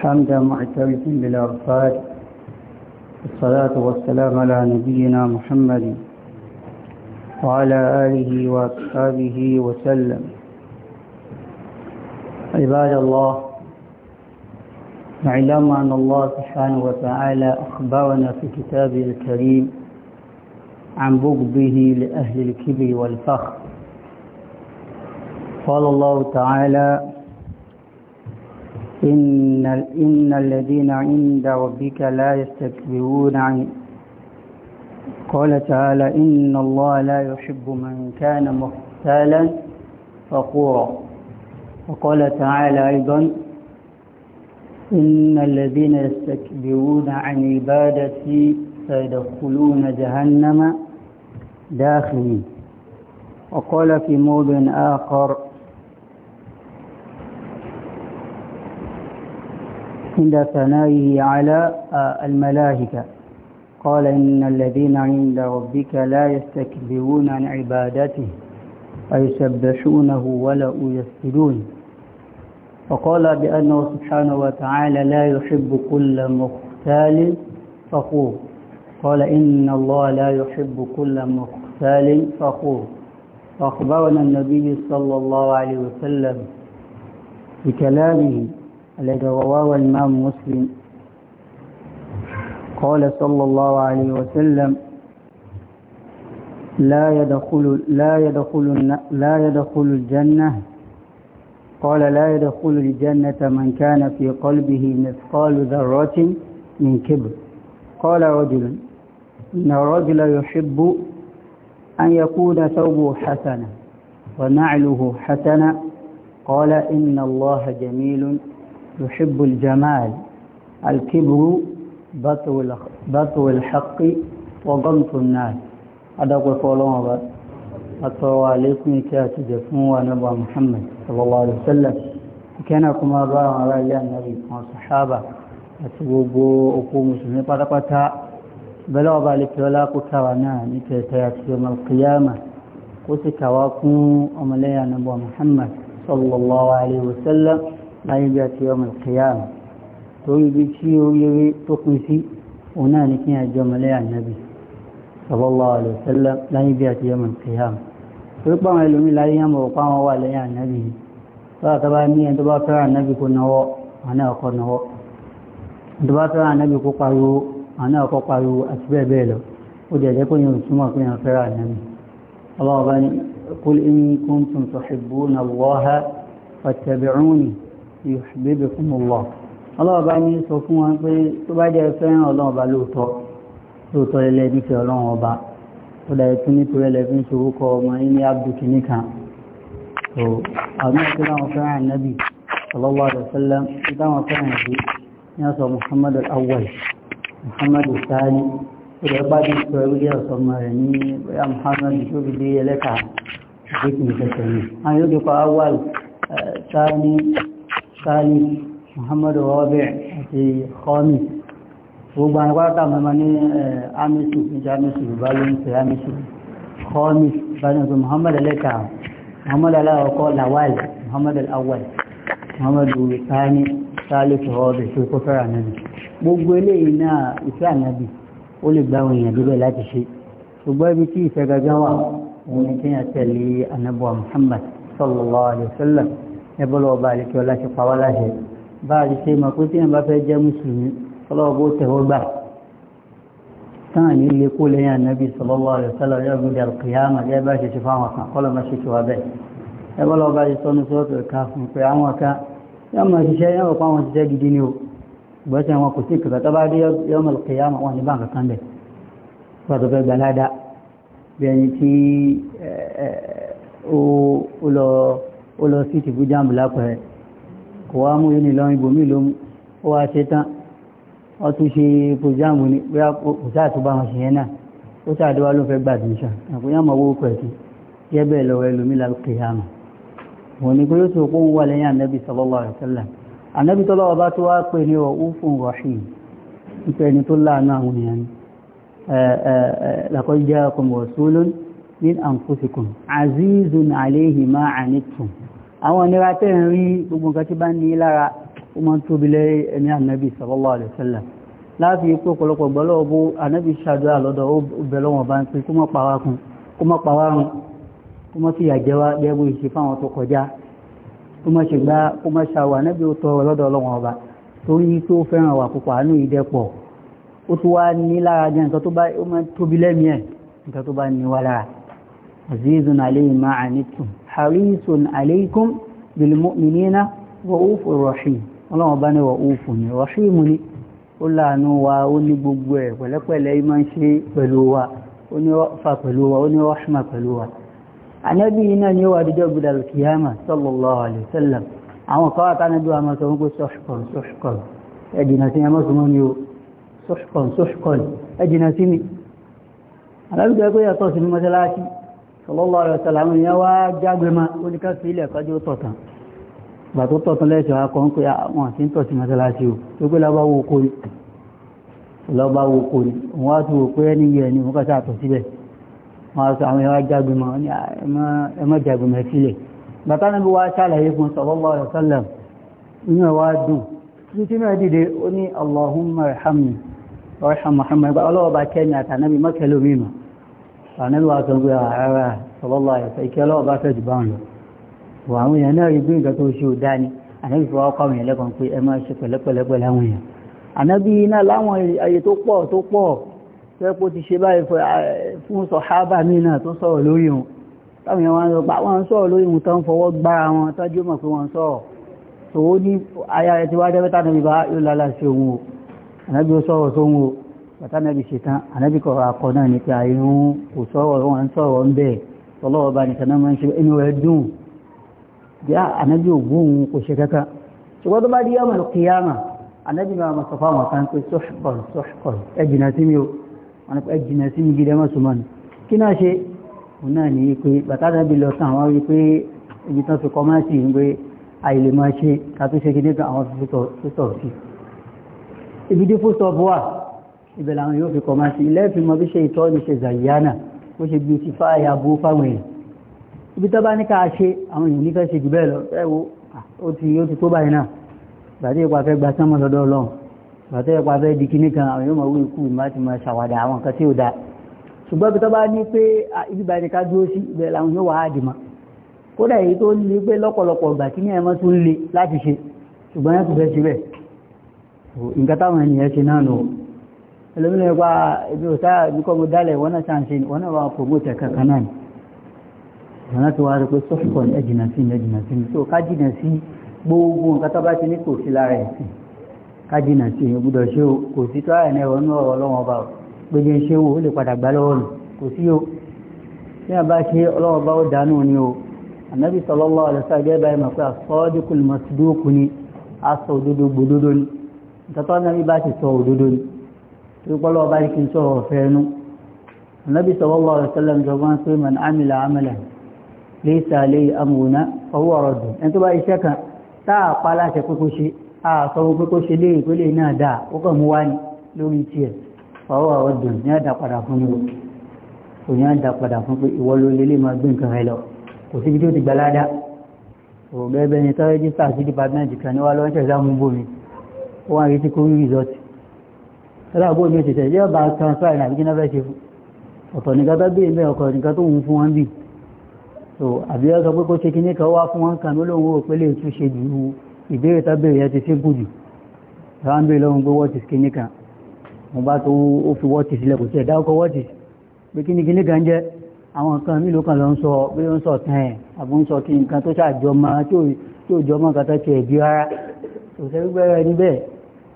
الحمد معترف بالأرصاد الصلاة والسلام على نبينا محمد وعلى آله وأصحابه وسلم عباد الله نعلم أن الله سبحانه وتعالى أخبرنا في كتابه الكريم عن بغضه لأهل الكبر والفخر قال الله تعالى إن, إن الذين عند ربك لا يستكبرون عن قال تعالى إن الله لا يحب من كان مختالا فقورا وقال تعالى أيضا إن الذين يستكبرون عن عبادتي سيدخلون جهنم داخلين وقال في موضع آخر عند ثنائه على آه، الملائكة قال إن الذين عند ربك لا يستكبرون عن عبادته ويسبحونه ولا يسجدون فقال بأنه سبحانه وتعالى لا يحب كل مختال فخور قال إن الله لا يحب كل مختال فخور فأخبرنا النبي صلى الله عليه وسلم بكلامه الذي رواه الإمام مسلم قال صلى الله عليه وسلم لا يدخل لا يدخل لا يدخل الجنة قال لا يدخل الجنة من كان في قلبه مثقال ذرة من كبر قال رجل إن الرجل يحب أن يكون ثوبه حسنا ونعله حسنا قال إن الله جميل يحب الجمال الكبر بطو الحق وغمط الناس هذا قول فولوما أطوى عليكم كاتب فنوى نبوى محمد صلى الله عليه وسلم كان كما باع رأي النبي والصحابة أتبوبوا أقوم مسلمين قطقتا بلغ ذلك ولا كترنا نكتات يوم القيامة قلت كواكم أمليا نبوى محمد صلى الله عليه وسلم ما يجي يوم القيامة توي بيشي ويوي تقويسي ونالك يا جملة النبي صلى الله عليه وسلم لا يبيات يوم القيامة ربما يلومي لا يوم وقام وعلى يا النبي فأتبع مي أن تبعت على النبي كنا هو أنا أقول هو تبعت على النبي كقايو أنا أقول قايو أشبه بيلو وجاء يكون يوم سما كنا فرع النبي الله قال قل إن كنتم تحبون الله فاتبعوني yuhibbukumullah ọlọ́run bá ní sọ fún wọn pé tó bá jẹ́ fẹ́ràn ọlọ́run bá lóòótọ́ lóòótọ́ ilẹ̀ nífẹ̀ẹ́ ọlọ́run ọba ó dà ẹ̀tún nítorí ẹlẹ́fí ń ṣòwò kọ ọmọ yín ní abdulki nìkan so àwọn tó dáwọn fẹ́ràn nábì sallallahu alaihi wasallam tó dáwọn fẹ́ràn ìdí ní ọ̀sọ̀ muhammad al-awwal muhammad al-sani ó dẹ̀ bá ọmọ ní bóyá muhammad tó fi khalid محمد rabi àti khomi gbogbo àwọn pátá mẹ́mọ́ ní amisu níjà amisu yorùbá ló ń محمد amisu khomi bani pé muhammad محمد muhammad aláwọ̀kọ́ lawal muhammad alawal muhammad rukani khalid rabi tó kó fẹ́ràn nàbì gbogbo eléyìí náà ìfẹ́ ànábì ó lè gbá àwọn èèyàn débẹ̀ láti ṣe ṣùgbọ́n ibi tí ìfẹ́ wà òun ni kéèyàn tẹ̀lé anábọ̀ muhammad sallallahu alayhi wa ẹbọ́lọ́ ọba àlekí ọlá ti pa wá láṣẹ bá a lè ṣe mọ̀ pé tí ẹ̀ bá fẹ́ jẹ́ mùsùlùmí ọlọ́wọ́ bó tẹ̀wọ́ gbà táwọn ní ilé kó lẹ́yìn ànábì sallallahu alaihi wasallam yóò gbé dàrú kìyàmà gẹ́gẹ́ bá ṣe ṣe fáwọn kan kọ́lọ́ má ṣe ṣe wá bẹ́ẹ̀ ẹbọ́lọ́ ọba ti sọnù sọ́ọ̀tù ẹ̀ka fún pé àwọn kan yóò o lọ ó lọ sí ti bújáàmù lápẹ̀ẹ́ kò wá mú yìí nìlọrin ibòmí ló mú ó wá ṣe tán wọ́n tún ṣe bújáàmù ní pé kò sáà tó bá wọn ṣe yẹn náà ó ṣàdéwá ló fẹ́ gbàdúnṣà àkúnyàmọ̀ owó pẹ̀sì jẹ́ bẹ́ẹ̀ lọ́wọ́ ẹlòmí lápẹ̀ yàmù wọ́n ni pé ó tó kó wà lẹ́yìn ànábì sallallahu alaihi wasallam ànábì tọ́lọ́wọ́ bá tó wá pè ní ọ̀húnfún rọ̀ṣìn ìpẹ́ min anfusikum azizun alayhi ma anittum àwọn ìnira tẹ́ ń rí gbogbo nǹkan tí bá ní lára ó máa ń tóbi lẹ́ ẹ̀mí ànábì sallallahu alaihi wasallam láti ipò ọ̀pọ̀lọpọ̀ gbọ́lọ́wọ́ bó ànábì ṣàdúrà lọ́dọ̀ ó bẹ̀ lọ́wọ́n bá ń pè kó má pa wá kún kó má pa wá run kó má fìyà jẹ wá gẹ́gbó ìṣe fáwọn tó kọjá kó má ṣe gbá kó má ṣàwà ànábì ó tọrọ lọ́dọ̀ حريص عليكم بالمؤمنين ra'ufur rahim ọlọ́run bá ní ra'ufun ní rahim ni ó láàánú wa ó ní gbogbo ẹ̀ pẹ̀lẹ́pẹ̀lẹ́ ìmọ̀ ṣe pẹ̀lú wa ó ní rọ́fà pẹ̀lú wa ó ní rahma pẹ̀lú wa anábì iná ni ó wà dídọ́ gbọdọ̀ kìyàmà sallallahu alayhi wa sallam àwọn kan wà tánábì wa máa sọ wọn pé sọ́ṣùkọ̀rọ̀ sọ́ṣùkọ̀rọ̀ sallallahu alaihi wasallam yẹn wá jágbe ma oníkà sí ilẹ̀ kájú tọ̀tàn gbà tó tọ̀tàn lẹ́ṣọ̀ akọ̀ ah, ń pè àwọn àti ń tọ̀tì mọ́sálásí o tó gbé lọ́ba wo kò ní lọ́ba ni òun kàtà àtọ̀ síbẹ̀ wọn sọ àwọn yẹn wá jágbe ma ah, ẹ má jágbe ma allahumma rahamni raham muhammad ọlọ́wọ́ bá kẹ́ni àtànábì ànílùú àtọ́gbé ààrẹ sọlọ́lá ẹ̀fẹ́ ìkẹ́lọ́ ọba tẹ̀jú bá ń lọ wọ àwọn èèyàn náà rí bí nǹkan tó ṣe ò dá ni ànábì fọwọ́ kọ́ àwọn èèyàn lẹ́kọ̀ọ́ pé ẹ máa ṣe pẹ̀lẹ́pẹ̀lẹ́ pẹ̀lú àwọn èèyàn ànábì náà láwọn ayé tó pọ̀ tó pọ̀ tẹ́pọ̀ ti ṣe báyìí fún ah, sọ̀hábà míì náà tó sọ̀rọ̀ lórí wọn táwọn èèyàn wá ń lọ pa wọ́n ń sọ̀rọ̀ lórí wọn tó ń fọwọ́ gbára wọn tọ́jú mọ̀ pé wọ́n ń sọ̀rọ̀ tó aya rẹ̀ ti wá dẹ́bẹ́ta náà yóò lálàá sí òun o ànábì ó sọ̀rọ̀ sóhun o bàtà nàbì ṣetán ànábì kọ akọ náà ní pé àìrún kò sọ̀rọ̀ wọn sọ̀rọ̀ ń bẹ̀ tọ́lọ́wọ́ bá nìkan náà máa ń ṣe inú rẹ̀ dùn bí ànábì ògbóhun kò ṣe kankan ṣùgbọ́n tó bá di yàmà kìyàmà ànábì máa mọ̀ sọ̀fà wọn kan pé sọ́ṣkọ̀n sọ́ṣkọ̀n ẹ jìnà sí mi o wọn ni pé ẹ jìnà sí mi gidi ẹ má súnmọ́ ni kí náà ṣe òun náà ní pé bàtà lọ sàn àwọn wí pé ibi tán fi kọ́ máa sì ń àìlè máa ṣe ká tó ṣe kí nígbà àwọn fi tó sí ibi dé fó sọ ibẹ̀ làwọn yóò fi kọmá sí ilẹ̀ fi mọ́ bí ṣe ìtọ́ ní ṣe zayana ó ṣe bí ti fáyà abó fáwọn èèyàn ibi tó bá ní ká ṣe àwọn èèyàn nífẹ́ ṣe jù bẹ́ẹ̀ lọ ẹ̀wò ó ti ó ti tó báyìí náà gbàdé ipa fẹ́ gba sánmọ́ lọ́dọ̀ ọlọ́run gbàdé ipa fẹ́ di kíní kan àwọn yóò mọ̀ wí ikú ìmọ̀ àti mọ̀ ṣàwádà àwọn nǹkan tí ò dáa ṣùgbọ́n ibi tó bá ní pé ibi báyìí ká dúró sí ibẹ̀ làwọn yóò wá àdì mọ́ kódà èyí tó ní pé lọ́pọ̀lọpọ̀ ìgbà kí ní ẹmọ́ tún le láti ṣe ṣùgbọ́n yẹn fẹ́ ṣe bẹ́ẹ̀ nǹkan táwọn ènìyàn ṣe náà nù ẹlòmínú ẹgbà ibi òtá ìbíkọ́ mo dálẹ̀ wọ́n náà ṣàǹṣe wọ́n náà wà promote kankan náà wọ́n náà tó wá rí pé sọ́fùkọ̀ ní ẹ̀jìnà sí ní ẹ̀jìnà sí ní tó ká jìnà sí gbogbo nǹkan tó bá ti ní kò sí lára ẹ̀sìn ká jìnà sí ní gbúdọ̀ ṣé o kò sí tó àyàn ẹ̀rọ nú ọ̀rọ̀ ọlọ́wọ́n bá gbẹ̀jẹ̀ o ó lè padà gbá lọ́wọ́ nù kò o tí a bá ṣe ọlọ́wọ́n bá ó dànù ni o ànábì sallallahu alaihi wasallam báyìí mọ̀ pé as-sadiqul ni aṣọ òdodo gbòdodo ni ìtọ́tọ́ náà bí bá ti sọ òdodo ni ìpọ́lọ̀ ọba ìkí sọ̀rọ̀ ọ̀fẹ́ ẹnu anábì sallallahu alaihi wasallam jọgbọ́n pé man amila amalan laysa alayhi amruna fahuwa radd ẹni tó bá iṣẹ́ kan táà pa láṣẹ pé kó ṣe àtọwọ́ pé kó ṣe lé ìpele náà dáa ó kàn mú wá ní lórí tiẹ̀ fahuwa radd ní àdá padà fún ní kò ní àdá padà fún pé ìwọ ẹlẹ́gbọ́ mi ti tẹ̀lé ọba transfer ní àbíkí náà fẹ́ ṣe fún ọ̀tọ̀ nìkan tó bí ìmẹ́ ọkọ̀ nìkan tó ń fún wọn bì so àbí ẹ sọ pé kó ṣe kí ní kan wá fún wọn kàn lóhun ò pé lè tún ṣe ju ìbéèrè tó yẹn ti sínkù jù ráwọn béèrè pé wọ́ọ̀tì kí ní kan mo bá tó ó fi wọ́ọ̀tì sílẹ̀ kò tiẹ̀ dáwọ́kọ wọ́ọ̀tì pé kí ní kí ní kan jẹ́ àwọn nǹkan mí ló kàn lọ ń sọ pé ó ń sọ tán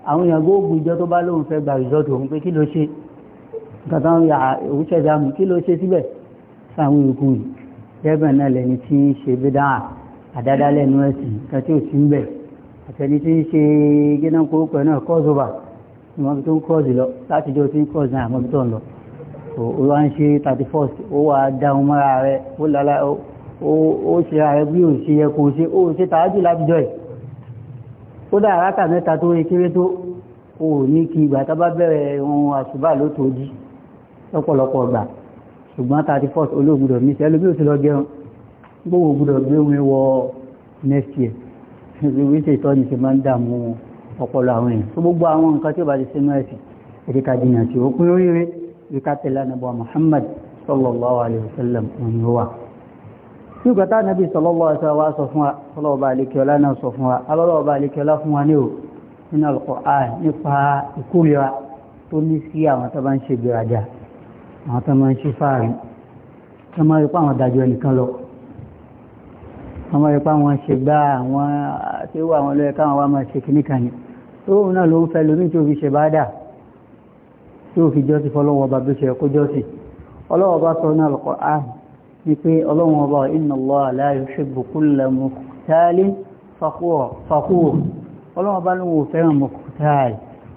àwọn èèyàn góògùn ìjọ tó bá lóun fẹ́ gba rìsọ́ọ̀tù òun pé kí ló ṣe tàtà ya òun ṣẹ̀dá mú kí ló ṣe síbẹ̀ sáwọn ìkú yìí lẹ́bẹ̀ náà lẹni tí ń ṣe bí dáa àdáadáa lẹ́nu ẹ̀sìn kẹtí ò sí ń bẹ̀ àtẹni tí ń ṣe gíná kórópẹ̀ náà kọ́ọ̀sù bà ní wọ́n fi tó ń kọ́ọ̀sù lọ láti jọ tí ń kọ́ọ̀sù náà àmọ́ tó ń lọ ó wá ń ṣe 31st ó wà dáhùn kódà aráta mẹ́ta tó rí kéré tó o ní kí ìgbà tá bá bẹ̀rẹ̀ ohun àṣùbà ló tó jí lọ́pọ̀lọpọ̀ ọgbà ṣùgbọ́n thirty first olóògùdọ̀ mi sẹ́lú bí ó ti lọ gẹrun gbogbo ògùdọ̀ gbé wọn wọ next year ìwé ṣe ìtọ́ni ṣe máa ń dààmú ọpọlọ àwọn èèyàn tí ó gbàtà nàbí sallallahu alaihi wasallam sọ fún wa ọlọ́ọ̀bá alékiọlá náà sọ fún wa alọ́ọ̀bá alékiọlá fún wa ní o nínú Al-Qur'an nípa ìkórira tó ní sí àwọn tó bá ń ṣe gbèrajà àwọn tó máa ń ṣe fáàrí tó máa rí pa àwọn dájọ́ ẹnìkan lọ wọ́n máa rí pa àwọn ṣe gbá àwọn tí ó wà wọn lọ́yẹ káwọn wá máa ṣe kìíní tó òun náà ló ń fẹ́ lómi tí fi ṣe bá dà tí fi jọ́sí fọlọ́wọ́ bá bí jọ́sí ọlọ́wọ́ bá sọ náà Al-Qur'an wípé ọlọ́run ọba inna Allaha la yuhibbu kulla mukhtalin fakhur ọlọ́run ọba ló ń fẹ́ràn mukhtal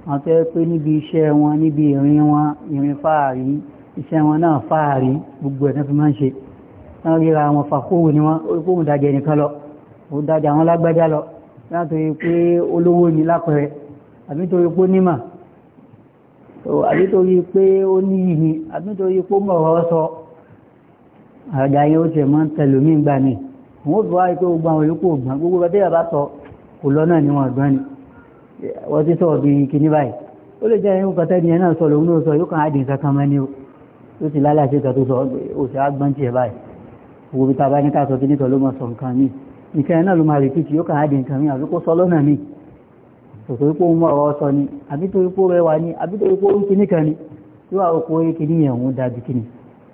àwọn tó yẹ pé níbi iṣẹ́ wọn níbi ìrìn wọn ìrìn fáàrí iṣẹ́ wọn náà fáàrí gbogbo ẹ̀ náà fi máa ń ṣe wọ́n ríra wọn fakhur ni wọ́n kóhùn dájẹ́ nìkan lọ ó dájẹ́ àwọn lágbájá lọ látòrí pé olówó ni lápẹẹrẹ àbí pé onímọ̀ àbí torí pé ó níyì ni àbí pé ó mọ̀ ọ̀rọ̀ sọ àga yóò tẹ̀ mọ́ tẹlómi gbà ní wọ́n fi wáyé pé gbogbo àwọn olùkọ́ ògbọ́n gbogbo ọdẹ yàrá sọ kò lọ́nà ni wọ́n gbọ́n ni wọ́n ti sọ̀rọ̀ bí kíní báyìí ó lè jẹ́ ẹ̀yìn kọ́tẹ́ ni ẹ̀ náà sọ lòun náà sọ yóò kàn á dín kankan mọ́ ni o ó ti lálàsí kan tó sọ òsì àgbọ̀n tiẹ̀ báyìí wo bí tàbá ní ká sọ kíní kan ló mọ̀ sọ nǹkan mi nǹkan ẹ̀ náà ló máa rìpítì yóò kàn á nǹkan mi àbí kó sọ lọ́nà mi tòtò ipò ń mọ̀ ọ̀rọ̀ sọ ni àbí tó ipò rẹwà ni àbí tó ipò ń kíní kan ni yóò àwọn okòó kíní yẹn òun dàbí kíní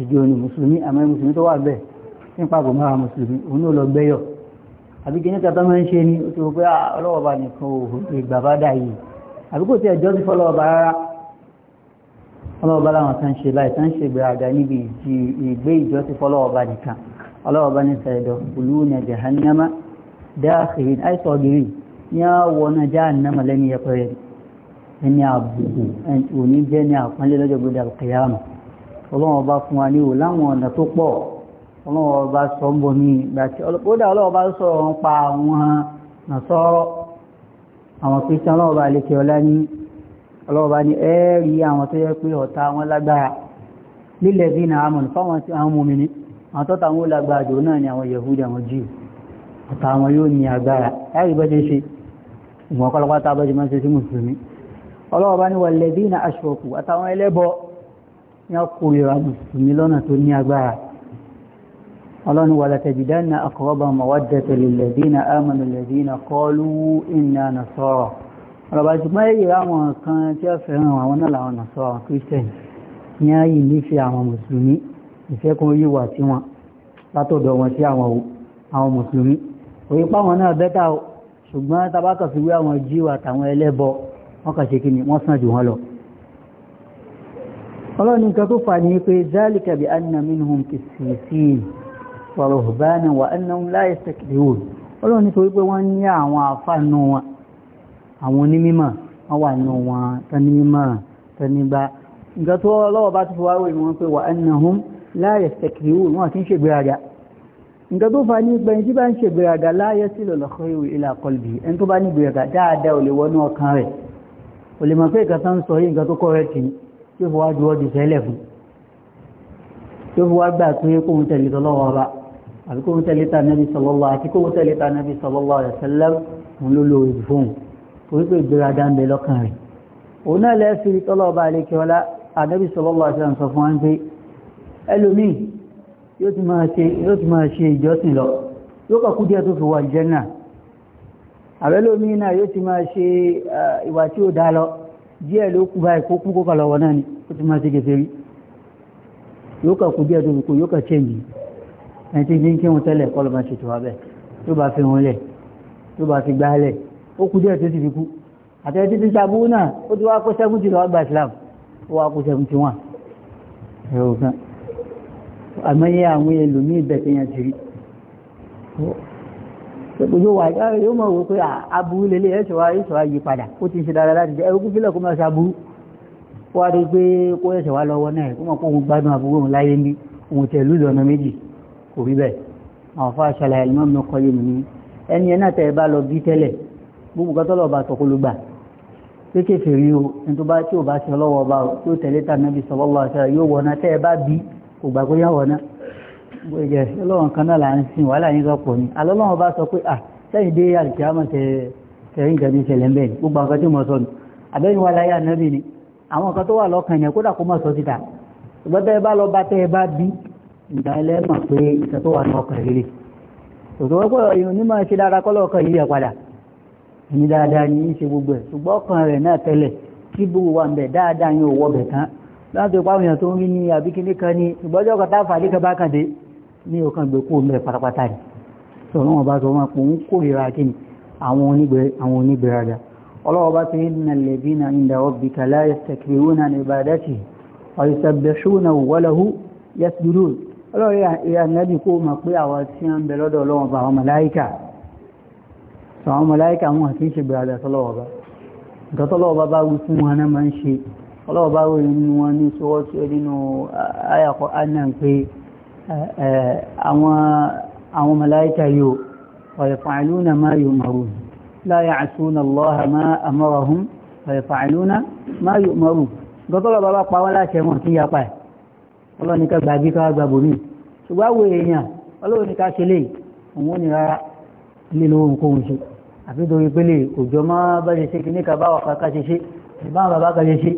ìjọ ni mùsùlùmí àmọ́ mùsùlùmí tó wà bẹ́ẹ̀ nípa kò mọ́ra mùsùlùmí òun ló lọ gbẹ́yọ̀ àbí kí níta tó máa ń ṣe ni ó ti wò pé ah, ọlọ́wọ́ba nìkan ò ìgbà bá dà yìí àbí kò tí ẹjọ́ ti fọlọ́wọ́ba rárá ọlọ́wọ́ba làwọn tán ṣe láì tán ṣe gbéraga níbi ìgbé ìjọ ti fọlọ́wọ́ba nìkan ọlọ́wọ́ba ní sẹ́dọ̀ olú ní jahannama dáàkiri àìsàn gírí ní àwọ̀ náà jahannama lẹ́ni yẹpẹrẹ ẹni àbùkù ọlọ́run ọba fún wa ní o láwọn ọ̀nà tó pọ̀ ọlọ́run ọba sọ ń bomi ìgbà tí kódà ọlọ́run ọba sọ̀rọ̀ ń pa àwọn nàṣọ́rọ̀ àwọn kristian ọlọ́run ọba àlekè ọlá ní ọlọ́run ọba ní ẹ́ẹ̀rí àwọn tó yẹ pé ọ̀tá wọn lágbára lílẹ̀ bí na amọ̀nù fáwọn tí àwọn mọ̀mí ni àwọn tọ́ta wọn lágbára jò ni àwọn yehudi àwọn jíù ọ̀tá wọn yóò ní agbára láì bọ́jẹ́ ṣe ìmọ̀ ọ̀pọ̀lọpọ̀ tá a yá kórìíra mùsùlùmí lọ́nà tó ní agbára ọlọ́run wà látẹ̀jìdánà akọ̀ọ́bà mawaddata lilladhina amanu alladhina qalu inna nasara ọ̀rọ̀bà ṣùgbọ́n èyí àwọn kan tí ó fẹ́ràn àwọn náà làwọn nasara christian ní ayé nífẹ̀ẹ́ àwọn mùsùlùmí ìfẹ́kùn yíwà tí wọn látọ̀dọ̀ wọn sí àwọn mùsùlùmí òye páwọn náà bẹ́tà ṣùgbọ́n tabakọ̀ fi wé àwọn jíwà àtàwọn ẹlẹ́bọ wọ́n kà ṣe kí ni wọ́n sàn jù wọ́n lọ ọlọ́ni nǹkan tó fà ní pé zálìkà bí anna minhum kìsìsìn wa ruhbana wa annahum la yastakbirun ọlọ́ni torí pé wọ́n ní àwọn àfánú wọn àwọn onímímọ̀ wọ́n wà nù wọn tanímọ̀ taníbá nǹkan tó lọ́wọ́ bá ti fi wáwé wọn pé wa annahum la yastakbirun wọn kì í ṣe gbéraga nǹkan tó fà ní pé ẹni tó bá ń sọ yìí nǹkan tó tí ó fi wá ju ọdún sẹ́lẹ̀ fún tí ó fi wá gbà pé kóhun tẹ̀lé tọ́lọ́wọ́ ọba àbí kóhun tẹ̀lé ta nẹ́bí sọlọ́lọ́ àti kóhun tẹ̀lé ta nẹ́bí sọlọ́lọ́ rẹ̀ sẹ́lẹ̀ ń ló lo ìbò fóun torí pé ìgbéraga ń bẹ lọ́kàn rẹ̀ òun náà lẹ́ẹ̀fi tọ́lọ́ọba àlekẹ́ọ́lá ànẹ́bí sọlọ́lọ́ àti àǹsọ fún wọn pé ẹlòmíì yóò ti máa ṣe ìjọsìn lọ yóò kọ̀kú díẹ̀ tó fi wà jẹ́ náà àbẹ́lòmíì náà yóò ti máa ṣe ìwà tí ó dá lọ díẹ̀ ló kú báyìí kó kú kó kà lọ́wọ́ náà ni ó ti máa ṣe gẹ̀ẹ́sẹ̀ rí yóò kà kú díẹ̀ tó fi kú yóò kà chẹ́ǹgì ẹni tí ń kí wọn tẹ́lẹ̀ kọ́ ló máa ṣètò wa bẹ́ẹ̀ tó bá fi wọn lẹ̀ tó bá fi gbálẹ̀ ó kú díẹ̀ tó ti fi kú àtẹ́rẹ́ títí sàbúrú náà ó ti wá kó sẹ́gun ti lọ́wọ́ gba Islam ó wá kó sẹ́gun ti wọn ẹ̀rọ kan àmọ́ yẹ àwọn ẹlòmíì bẹ̀ ṣèpòjó wà yóò mọ̀ wò pé aburú lélẹ̀ ẹ̀ṣọ́ wa ẹ̀ṣọ́ wa yí padà ó ti ṣe dára láti jẹ́ ẹ̀rọ kúfílẹ̀ kó máa ṣe aburú wá rí pé kó ẹ̀ṣẹ̀ wá lọ́wọ́ náà kó mọ̀ pé òun gbádùn aburú òun láyé ní òun tẹ̀ lùlọ ọ̀nà méjì kò rí bẹ́ẹ̀ àwọn afá ṣàlàyé ẹ̀lmọ́ mi kọ́ yé mi ní ẹni ẹ̀ náà tẹ̀ bá lọ bí tẹ́lẹ̀ gbẹ̀gẹ̀ ọlọ́run kan náà là ń sin wàhálà yín sọ́pọ̀ ni alọ́lọ́run bá sọ pé à sẹ́yìn dé àlùkìyàmọ̀ tẹ tẹ̀yìn kan ní ìṣẹ̀lẹ̀ ń bẹ̀ ni gbogbo nǹkan tí mo sọ ni àbẹ́yìn wa láyé ànábì ni àwọn nǹkan tó wà lọ́kàn yẹn kódà kó má sọ síta ṣùgbọ́n tẹ́ ẹ bá lọ bá tẹ́ ẹ bá bí ìgbà ẹlẹ́mọ̀ pé ìṣẹ́ tó wà lọ́kàn rere tòtò wọ́pọ̀ èèyàn ní máa ṣe dára kọ́lọ́kàn yìí yẹ padà ní dáadáa ní í ṣe gbogbo ẹ̀ ṣùgbọ́n ọkàn rẹ̀ náà ní ọkàn gbé kó mẹ́ pátápátá ni sọ̀rọ̀ wọn bá sọ wọn pò ń kórìíra kí ni àwọn onígbèraga ọlọ́wọ́ bá ti inna alladhina inda rabbika la yastakbiruna an ibadatihi wa yusabbihunahu wa lahu yasjudun ọlọ́rẹ́ ìyànlẹ́bì kó mọ̀ pé àwọn tí ó ń bẹ lọ́dọ̀ ọlọ́wọ́ bá àwọn màláíkà sọ àwọn màláíkà wọn àti ṣe gbèrada tọ́lọ́wọ́ bá nǹkan ní sọ́wọ́ tí ó nínú ayàkọ́ annan pé àwọn mẹ́láíkà yóò ويفعلون ما يؤمرون لا يعصون الله ما أمرهم ويفعلون ما يؤمرون gbogbo bàbá pa wọ́n láṣẹ wọn tí yapa ẹ̀ ọlọ́run ní ká gbàgbé ká gbàgbò mí ṣùgbọ́n àwọn èèyàn ọlọ́run ní ká ṣe lè òun ní rárá ilé lówó nǹkan ṣe àfi torí pé lè òjò bá bá ọ̀ka ká ṣe ṣe ìbáwọn bàbá ká ṣe ṣe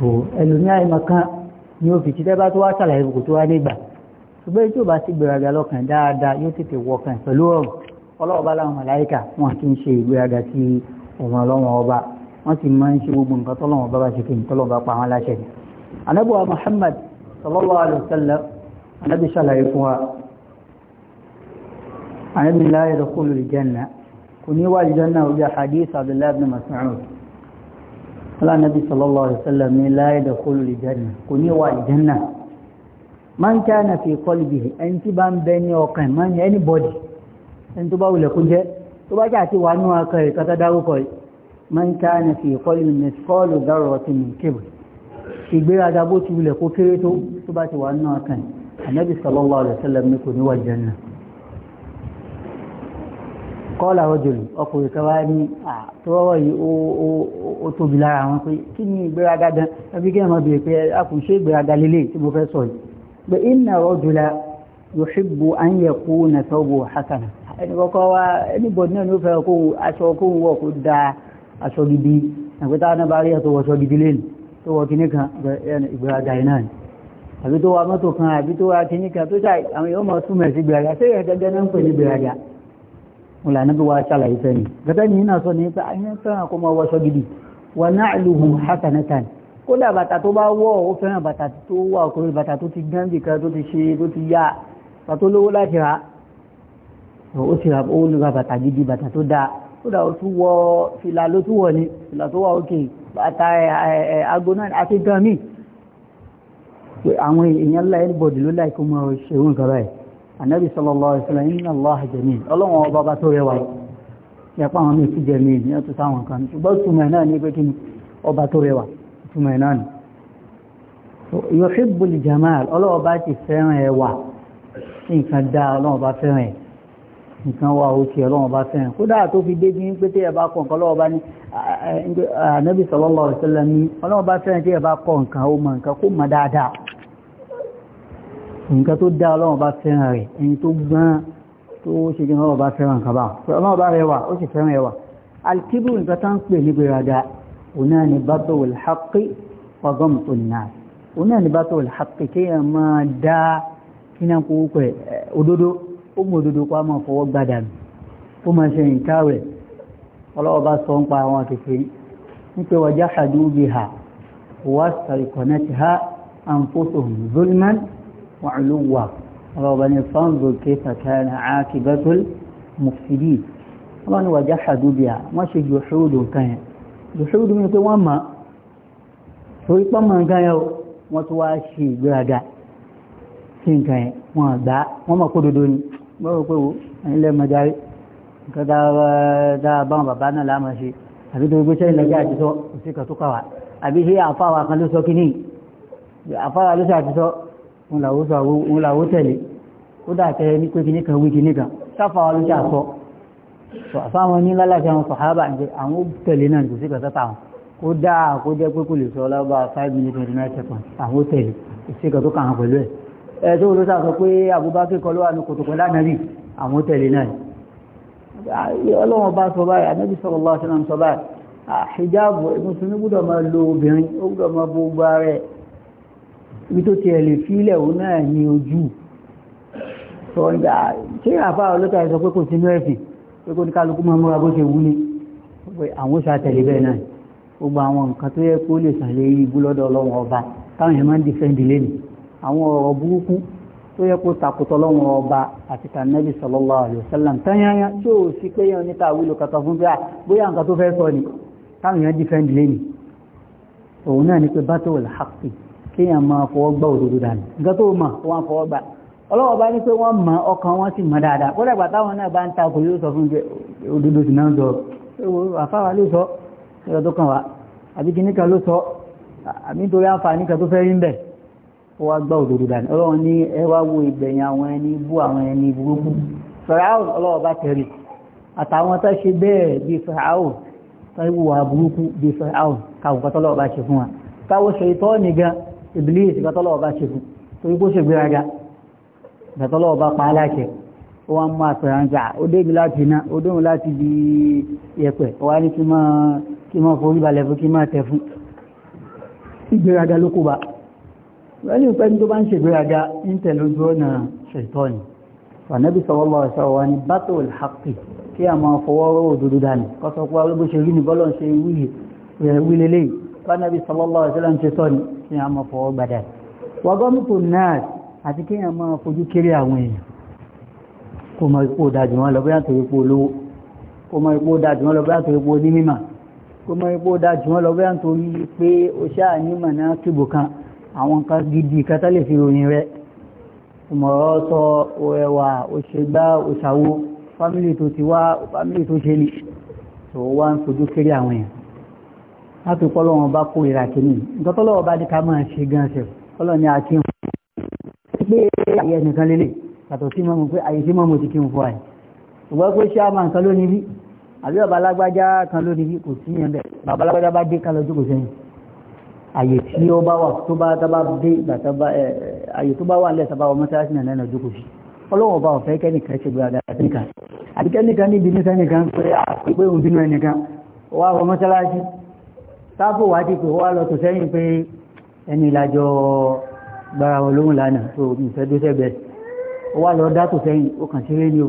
tó ẹlòmí àìmọ̀ kan ni ó fi ti tẹ́bá tó wá ṣàlàyé kò tó wá nígbà ṣùgbọ́n tí ó bá sí gbéraga lọ́kàn dáadáa yóò tètè wọkàn pẹ̀lú ọ̀rùn ọlọ́ọ̀bá láwọn màláìkà wọn kì í ṣe ìgbéraga sí ọmọ ọlọ́wọ́n ọba wọ́n sì máa ń ṣe gbogbo nǹkan tọ́lọ́wọ́n bá bá ṣe kìí tọ́lọ́wọ́n bá pa wọn láṣẹ anábùwà Muhammad sallallahu alaihi wasallam anábì ṣàlàyé fún wa anábì la aláàbí sallallahu alaihi wasallam ní la yadkhulul janna kò ní wà ìjẹ́nà man kana fi qalbihi ẹni tí bá ń bẹ ní ọkàn máa ń yẹ anybody ẹni tó bá wulẹ̀ kó jẹ́ tó bá jà àti wà nú akọ rẹ̀ kátá dárúkọ yìí man kana fi qalbihi mithqalu dharratin min kibr ìgbéraga bó ti wulẹ̀ kó kéré tó tó bá kọ́ọ̀lá ọjọ́lù ọkùnrin kan wá ní àtọwọ́ yìí ó tóbi lára wọn pé kí ni ìgbéraga gan ẹbí kí ẹ̀mọ́ bèèrè pé a kò ṣe ìgbéraga lélẹ̀ tí mo fẹ́ sọ yìí pé inna rajula yuhibbu an yakuna thawbu hasana ẹni kọ́kọ́ wá ẹni bọ̀dì náà ló fẹ́ kó aṣọ kó wọ̀ kó da aṣọ gidi àgbẹ̀ táwọn náà bá rí ẹ̀tọ́ wọṣọ gidi lẹ́nu tó wọ kíní kan àbí tó wa mọ́tò kan àbí tó wa kíní kan tó ṣàì àwọn èèyàn mọ̀ túmọ̀ sí ìgbéraga ṣé ìyẹn gẹ́gẹ́ náà ń pè ní ìgbéraga wọ́n ànábí wa ṣàlàyé fẹ́ ni gẹ́gẹ́ ni iná sọ ní pé àyẹ́ fẹ́ràn kó máa wọṣọ gidi wà náà lùhùn hasanatan kódà bàtà tó bá wọ̀ ó fẹ́ràn bàtà tó wà òkúrò bàtà tó ti gán bìkan tó ti ṣe tó ti yá bàtà tó lówó láti rà ó ti rà ó lura bàtà gidi bàtà tó dáa kódà ó tún wọ fìlà ló tún wọ̀ ni fìlà tó wà òkè bàtà aago náà àti gan mi àwọn èèyàn láì bọ̀dì ló láì kó máa ṣerú nǹkan báyìí ànábì sallallahu alaihi wasallam inna Allaha jamil ọlọ́wọ́n ọba bá tó rẹwà yẹpa àwọn mẹ́sí jamil ní ọ̀tún sáwọn kan ṣùgbọ́n túmọ̀ náà ní pé kí ni ọba tó rẹwà túmọ̀ náà ni yuhibbul jamal ọlọ́wọ́ bá ti fẹ́ràn ẹwà nǹkan dá ọlọ́wọ́ bá fẹ́ràn ẹ̀ nǹkan wà òkè ọlọ́wọ́ bá fẹ́ràn kódà tó fi dé bí pé tí ẹ bá kọ nǹkan ọlọ́wọ́ bá ní ànábì sallallahu alaihi wasallam ní ọlọ́wọ́ bá fẹ́ràn tí ẹ bá kọ nǹkan ó mọ nǹkan kó mọ dáadáa nǹkan tó dá ọlọ́run bá fẹ́ràn rẹ̀ ẹni tó gbọ́n tó ṣe jẹ́ ọlọ́run bá fẹ́ràn kaba ọlọ́run bá rẹwà ó sì fẹ́ràn ẹwà alkibu nǹkan tá ń pè ní gbèrada òun náà ni bàtò ìlhàkì ọgọ́m tó nà òun náà ni bàtò ìlhàkì kéèyàn máa dá kí náà kó kọ òdodo ó mú òdodo kó a máa fọwọ́ gbàdà nù ó máa ṣe nǹkan rẹ̀ ọlọ́run bá sọ ń pa àwọn kékeré ń pè wọ́n jáhàdú biha wọ́n sàrìkọ̀nẹ́tì ha àǹfóṣòhùn zulman وعلوا ọlọ́ọ̀bá ní fọ́nbù kéfà kẹ́rin àákìbẹ́tul mufsidi wọ́n ni wàjá ṣàdúbíà wọ́n ṣe jùṣúdù nǹkan yẹn jùṣúdù ní pé wọ́n ma torí pọ́mọ̀ nǹkan yẹn wọ́n tó wá ṣe ìgbéraga sí nǹkan yẹn wọ́n gbá wọ́n mọ̀ kó dodo ni bọ́wọ́ pé wo ẹ̀yìn lẹ́ẹ̀ mọ́járí nǹkan dáa bá wọn bàbá náà láàmà ṣe àbí tó gbéṣẹ́ ìlẹ́jẹ́ àtijọ́ òsì kan tó kà wá àbí ṣé àfáwà kan ló sọ kíní àfáwà ló sọ àtijọ́ òun làwó sọ òun làwó tẹ̀lé ó dàtẹ́ ní pé kìíní kan wí kìíní kan sáfà wa ló jà sọ sọ àfáwọn ní lálàfẹ́ àwọn sọ̀hábà ń jẹ àwọn tẹ̀lé náà kò sí kan sátà wọn kó dáa kó jẹ́ pé kò lè sọ ọlọ́ba five minutes twenty nine seconds àwọn tẹ̀lé kò sí kan tó kàn án pẹ̀lú ẹ̀ ẹ̀ tó ló sà sọ pé Abubakar kọ́ ló wà ní kòtòkò lánàbì àwọn tẹ̀lé náà ọlọ́wọ́n bá sọ ibi tó tiẹ̀ lè fílẹ̀ òun náà ní ojú sọ̀rọ̀dà ṣé àfa ọlọ́ta sọ pé kò sínú ẹ̀sìn pé kó ní kálukú máa múra bó ṣe wú ni àwọn oṣù àtẹ̀lé bẹ́ẹ̀ náà gbogbo àwọn nǹkan tó yẹ kó lè sàlẹ̀ ibú lọ́dọ̀ ọlọ́run ọba táwọn èèyàn máa ń dìfẹ́ǹdì lẹ́nu àwọn ọ̀rọ̀ burúkú tó yẹ kó takùtọ̀ ọlọ́run ọba àti tànẹ́bì sallallahu kéèyàn máa fọwọ́ gbá òdodo dànù nǹkan tó mọ̀ wọ́n fọwọ́ gbà ọlọ́wọ́ bá ní pé wọ́n mọ̀ ọkàn wọn sì mọ̀ dáadáa kó dàgbà táwọn náà bá ń ta kò yóò sọ fún jẹ òdodo sì náà sọ ewu àfáwà ló sọ ẹ̀rọ tó kàn wá àbí kí níkan ló sọ àbí nítorí àǹfààní kan tó fẹ́ rí ń bẹ̀ ó wá gbá òdodo dànù ọlọ́wọ́n ní ẹ wá wo ìgbẹ̀yìn àwọn ẹni bú àwọn ẹni burúkú fẹ̀ráùn ọlọ́wọ́ bá tẹ̀rí àtàwọn tó ṣe bẹ́ẹ̀ bíi fẹ̀ráùn tó wù wà burúkú bíi fẹ̀ráùn káwọn kọ́tọ́lọ́wọ́ bá ṣe fún Iblis ìgbàtọ́lọ́wọ́ bá ṣe fún torí kó ṣe gbéraga ìgbàtọ́lọ́wọ́ bá pa aláṣẹ ó wá ń mú àpẹ̀rànjà ó débi láti iná ó dóhun láti di yẹ̀pẹ̀ ó wá ní kí máa kí máa forí balẹ̀ fún kí máa tẹ̀ fún ìgbéraga ló kó bá wọ́n ní pẹ́ni tó bá ń ṣe gbéraga ń tẹ̀ lójú ọ̀nà ṣètọ́ni fànẹ́bí sọ̀rọ̀lọ́ ìṣọ̀rọ̀ wa ní battle happy kí a máa fọwọ́ rọ́ òdodo dání kọ́sọ́pọ̀ alóbóṣe rí ní bọ́lọ̀ ṣe wílé lélẹ́yìí Nabi sallallahu alaihi wasallam ti sọ ni kí a máa fọwọ́ gbadà wagọ́mùtò náà àti kí a máa fojú kéré àwọn èèyàn kó mọ ipò dájú wọn lọ bóyá torí ipò olówó kó mọ ipò dájú wọn lọ bóyá torí ipò onímọ̀ kó mọ ipò dájú wọn lọ bóyá torí pé o ṣáà nímọ̀ náà kíbo kan àwọn kan gidi kátà lè fi ròyìn rẹ ìmọ̀ràn sọ ẹwà òṣègbà òṣàwò fámìlì tó ti wá fámìlì tó ṣe ni tó wá ń fojú kiri àwọn èèyàn láti pọ́ lọ́wọ́n bá kó ìrà kìíní nǹkan bá ní ká máa ṣe gan ṣe ọlọ́run ni a kí wọn pé àyè ẹnìkan lélẹ̀ yàtọ̀ sí mọ́mọ́ pé àyè sí mọ́mọ́ ti kí wọn fún àyè ṣùgbọ́n pé ṣé a máa nǹkan lónìí bí àbí bàbá alágbájá kan lónìí bí kò sí yẹn bẹ́ẹ̀ bàbá alágbájá bá dé kálọ́jú kò sẹ́yìn àyè tí ó bá wà tó bá tábà dé àyè tó bá wà nílẹ̀ tábà wọn mọ́tàlásì náà náà lọ́jọ́ sí ọlọ́wọ́n bá ọ̀fẹ́ kẹ́nìkan ṣe gbọ́dọ̀ àdàkẹ́nìkan àdìkẹ́nìkan níbi nìkan nìkan pé àpèpé òun ẹnìkan wà wọn mọ́tàlásì sáfò wá ti pè wá lọ tó sẹ́yìn pé ẹni ìlàjọ gbára wọn lóhùn lánàá tó ìfẹ́ dó sẹ́gbẹ̀ẹ́ ó wá lọ dá tó sẹ́yìn ó kàn ṣeré ni o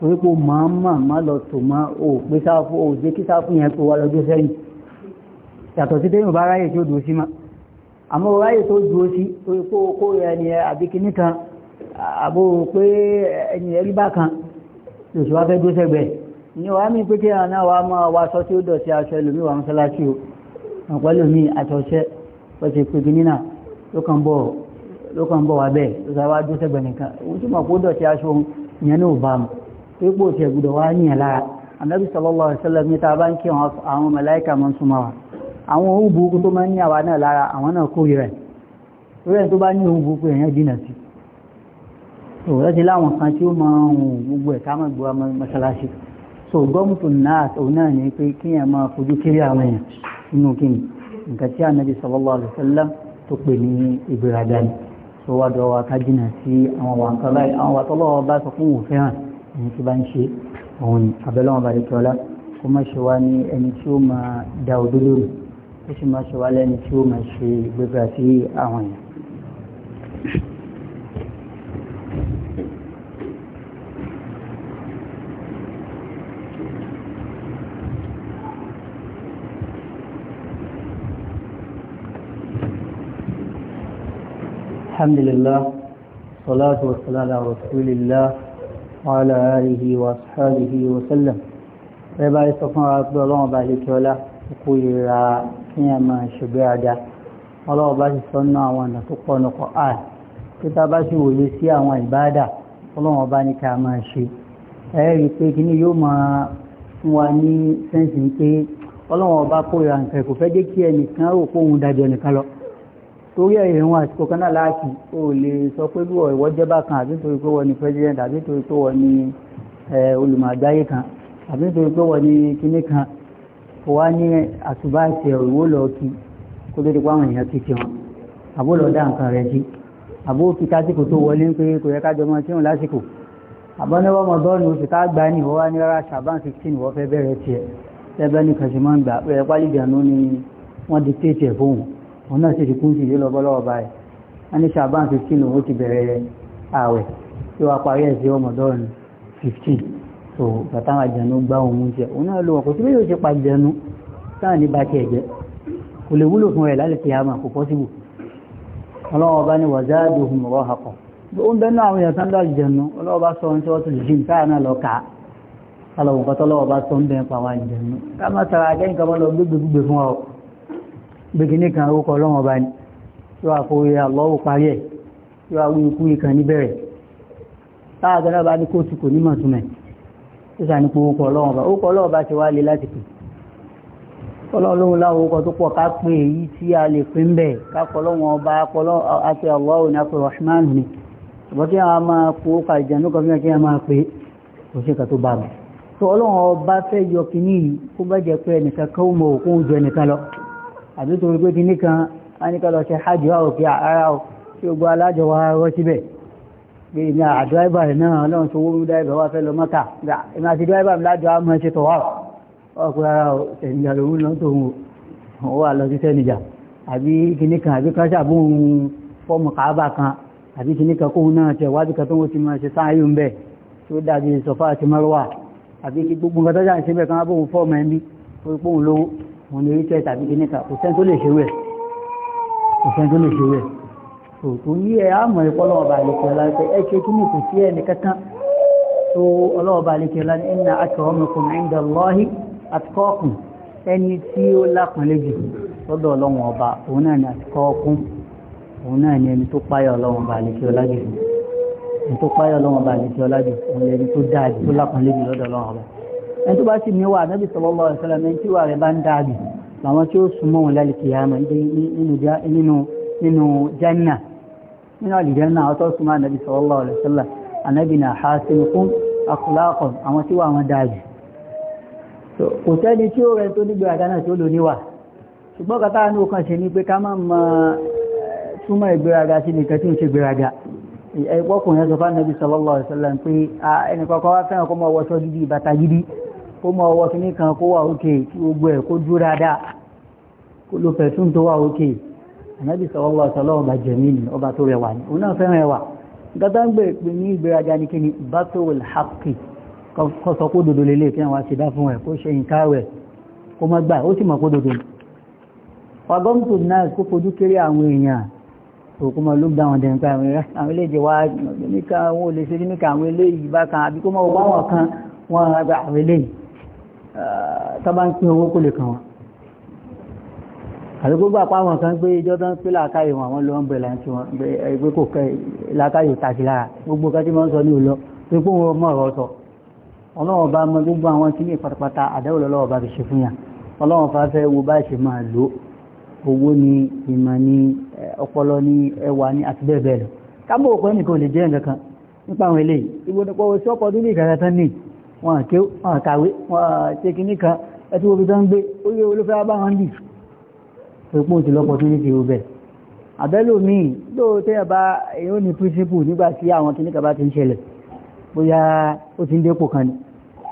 torí pé màá mà má lọ tò má ò pé sáfò ò jẹ́ kí sáfò yẹn pé wá lọ dó sẹ́yìn yàtọ̀ sí téèyàn bá ráyè tí ó dúró sí má àmọ́ ráyè tó dúró sí torí kó ẹni àbí kinní kan àbò pé ẹni ẹrí bá kan lòṣùwà fẹ́ dó sẹ́gbẹ̀ẹ́ ní wàá mi pé kí àwọn náà wàá máa wá aṣọ tí ó dọ̀tí aṣọ ẹlòmíì wà mọ́sálásí o ọ̀pọ̀ ẹlòmíì aṣọ ọṣẹ pẹ̀sẹ̀ pèkì nínà ló kàn bọ̀ ló kàn bọ̀ wá bẹ́ẹ̀ ló sá wá dúró sẹ́gbẹ̀ẹ́ nìkan òun túmọ̀ pé ó dọ̀tí aṣọ ìyẹn náà ò bá mu pé pò tiẹ̀ gbọdọ̀ wá yàn lára ànábì sallallahu alaihi wasallam ní ti láwọn kan tí ó máa ń hùn gbogbo ẹ̀ká mọ̀ gbọ́ mọ́sálásí so gọ́mùtù náà òun náà ní pé kí èèyàn máa fojú kéré àwọn èèyàn nínú kí ni nǹkan tí ànábi sallallahu alaihi wasallam tó pè ní ìgbéraga ni tó wá dọ̀ wá kájínà sí àwọn wà nǹkan báyìí àwọn wà tọ́lọ́wọ́ bá sọ fún òun fẹ́ràn ẹni tí bá ń ṣe òun ni abẹ́lọ́wọ́n bá dẹ́kẹ́ ọlá kó má ṣe wá ní ẹni tí ó máa da odó lórí ó sì má ṣe wá lẹ́ni tí ó máa ṣe ìgbéga sí àwọn èèyàn الحمد لله والصلاة والسلام على رسول الله وعلى آله وأصحابه وسلم rẹ́bà ìsọ̀kan àgbẹ̀ ọlọ́run bá lékẹ́ ọlá kó ìrà kí ẹ máa ṣùgbẹ́ àdá ọlọ́run bá ti sọ́nà àwọn ọ̀nà tó pọ̀ nù kọ́ àì tó tá bá sì wòye sí àwọn ìbáàdà ọlọ́run bá ní ká máa ṣe ẹ rí i pé kíní yóò máa fún wa ní sẹ́ǹsì pé ọlọ́run ọba kó ìrà nǹkan kò fẹ́ jẹ́ kí ẹnìkan rò pé òun dájọ́ nìkan lọ torí ẹ̀yẹ̀wọ̀n àsìkò kan náà láàkì o lè sọ pé bí ìwọ jẹ́ bákan àbí torí pé wọ́n ni president àbí torí pé wọ́n ni olùmọ̀ àgbáyé kan àbí torí pé wọ́n ni kinní kan kò wá ní àtúbá ìṣẹ̀ òwò lọ kí kó tó ti pa àwọn èèyàn kí tiwọn àbó lọ dá nǹkan rẹ̀ sí àbó kí tásìkò tó wọlé ń pé kò yẹ ká jọmọ tí òun lásìkò àbọ̀ ní mọ̀ bọ́ọ̀nù oṣù ká gbà ní ìwọ́ wá ní rárá ṣàbán 16 wọ́n fẹ́ bẹ̀rẹ̀ tiẹ̀ lẹ́bẹ̀ẹ́ ní kàṣímọ́ ń gbà pé ẹ̀pálìjànú ni wọ́n dictate ẹ̀ fóun òun náà sì ti kún sí ìdí lọ́bọ́lọ́wọ́ báyìí wọ́n ní ṣàbá fifteen òun ti bẹ̀rẹ̀ ààwẹ̀ tí wọ́n parí ẹ̀ ọmọdọ́rin fifteen so bàtà àjẹnú gbá òun jẹ òun náà lo ọkọ̀ síbí yóò ṣe pa jẹnu sáà ní bá tiẹ̀ jẹ kò lè wúlò fún rẹ̀ lálẹ́ kìyàmà kò pọ́sibù ọlọ́wọ́ bá ní wàzáàdù ohun ọ̀rọ̀ àpọ̀ ó ń bẹ́ náà àwọn èèyàn tán lọ ìjẹnu ọlọ́wọ́ bá sọ ohun wọ́n ti jìn káà bá sọ ń bẹ́ ń pa ká má sara akẹ́yìn kan bọ́ lọ gbégbé gbígbé fún ọ gbẹ̀gẹ̀ní kan orúkọ ọlọ́wọ́n bá ní yóò àfòrí àlọ́wọ́ parí ẹ̀ yóò àwọn ikú ìkan níbẹ̀rẹ̀ táàgbẹ́lá bá ní kóòtù kò ní mọ̀túnmẹ̀ tó sàní pé orúkọ ọlọ́wọ́n bá orúkọ ọlọ́wọ́n bá ti wá lé láti pè ọlọ́run láwọn orúkọ tó pọ̀ ká pé èyí tí a lè pè ń bẹ̀ kápọ̀ ọlọ́wọ́n bá apọ̀lọ́ àti àlọ́wọ́ ní apọ̀ rahman ni àbí tó rí pé kí nìkan á ní ká lọ ṣe hajj wá òkè ara ah, o tí ó gba alájọ wa rọ síbẹ̀ pé èmi àdúráìbà rẹ̀ náà ọlọ́run tó wúrú dáìbà wá fẹ́ lọ mọ́ta èmi àti dúráìbà mi lájọ àmọ́ ṣe tọ̀wá ọkùnrin ara o ẹ̀yìn àlòwú lọ tó ń wò wà lọ sí sẹ́nìjà àbí kìíní kan àbí kan ṣàbóhun fọ́ọ̀mù kàábà kan àbí kìíní kan kóhun náà tẹ̀ wájú kan tó ń ti máa ṣe sááyù ń bẹ̀ tí ó dàbí sọ̀fà àti mọ́rọ́wà àbí gbogbo nǹkan tó jà ń ṣe bẹ́ẹ̀ kan abóhun fọ́ọ̀mù ẹ̀mí orí pòun lówó wọn ní oríkẹ́ tàbí kíníkà kò sẹ́ni tó lè ṣe rẹ̀ kò sẹ́ni tó lè ṣe rẹ̀ kò tó ní ẹ àmọ́ ẹ̀kọ́ ọlọ́ọ̀bà àlekẹ́ ọlá pé kí ni kò sí ẹnì kankan tó inna akramakum inda Allahi atqakum ẹni tí ó lápọ̀nlé jù lọ́dọ̀ ni atqakum òun náà ni ẹni tó páyà ọlọ́run ọba àlekẹ́ ọlá jù ẹni tó páyà ẹni tó bá sì níwà anábì sallallahu alaihi wasallam ẹni tí wà rẹ̀ bá ń dàbí làwọn tí ó súnmọ́ wọn lálẹ́ kìyàmà nínú jẹ́nà nínú àlìjẹ́nà ọ̀tọ̀ súnmọ́ anábì sallallahu alaihi wasallam anábì náà hasinukum akhlaqan àwọn tí wà wọn dàbí kò tẹ́ni tí ó rẹ̀ tó nígbè àdánà tí ó lò níwà ṣùgbọ́n kátà ní òkan ṣe ní pé ká máa ma túnmọ̀ ìgbéraga sí nìkan tí ó ṣe gbéraga ẹ̀pọ̀kùnrin sọ fánàbí sallallahu alaihi pé ẹnìkọ̀ọ̀kan wá fẹ́ràn kó mọ́ wọ́ṣọ́ gidi kó mọ ọwọ́ kìíní kan kó wà òkè kí gbogbo ẹ̀ kó dúró dáadáa kó lo pẹ̀tún tó wà òkè ànábì sọ̀rọ̀ ọ̀sọ̀lọ́ ọba jẹ̀mí ni ọba tó rẹwà ni òun náà fẹ́ràn ẹwà gàdá ń gbé ìpín ní ìgbéraga ní kíni battle happy kọ́ sọ kó dodo lélẹ̀ kí wọ́n á dá fún ẹ̀ kó ṣe nǹkan kó má gbà ó sì mọ̀ kó dodo fagọ́mùtò náà kó fojú kéré àwọn èèyàn òkú mọ̀ ló gbà wọn dẹ̀ nípa àwọn eléjì wá níka àwọn olè ṣe níka àwọn eléyìí bákan àbí kó mọ̀ wọ́n kan wọ́n àwọn eléyìí tó bá ń pín owó kó lè kàn wọn àti gbogbo àpá àwọn kan gbé ijọ́ tán pé làákàyè wọn àwọn ló ń bẹ̀rẹ̀ láti wọn gbé kò kẹ́ làákàyè tàkì lára gbogbo kan tí wọ́n sọ ní òlọ pé kó wọn mọ̀ ọ̀rọ̀ sọ ọlọ́wọ́n bá mọ gbogbo àwọn kíní pátápátá àdáwò lọ́wọ́ bá fi ṣe fún yàn ọlọ́wọ́n fa fẹ́ wo bá ṣe máa lò owó ni ìmọ̀ ni ọpọlọ ni wọn àké wọn àkàwé wọn àtẹ́kì níkan ẹtí wo bí tán gbé ó yẹ olófẹ́ abáhàn dì pẹ̀pọ̀ ti lọ́pọ̀ tó ní kìrò bẹ̀ àbẹ́lò míì lóòótẹ́ ẹ̀bá èyí ó ní principle nígbà tí àwọn kìníkà bá ti ń ṣẹlẹ̀ bóyá ó ti ń dépò kan ni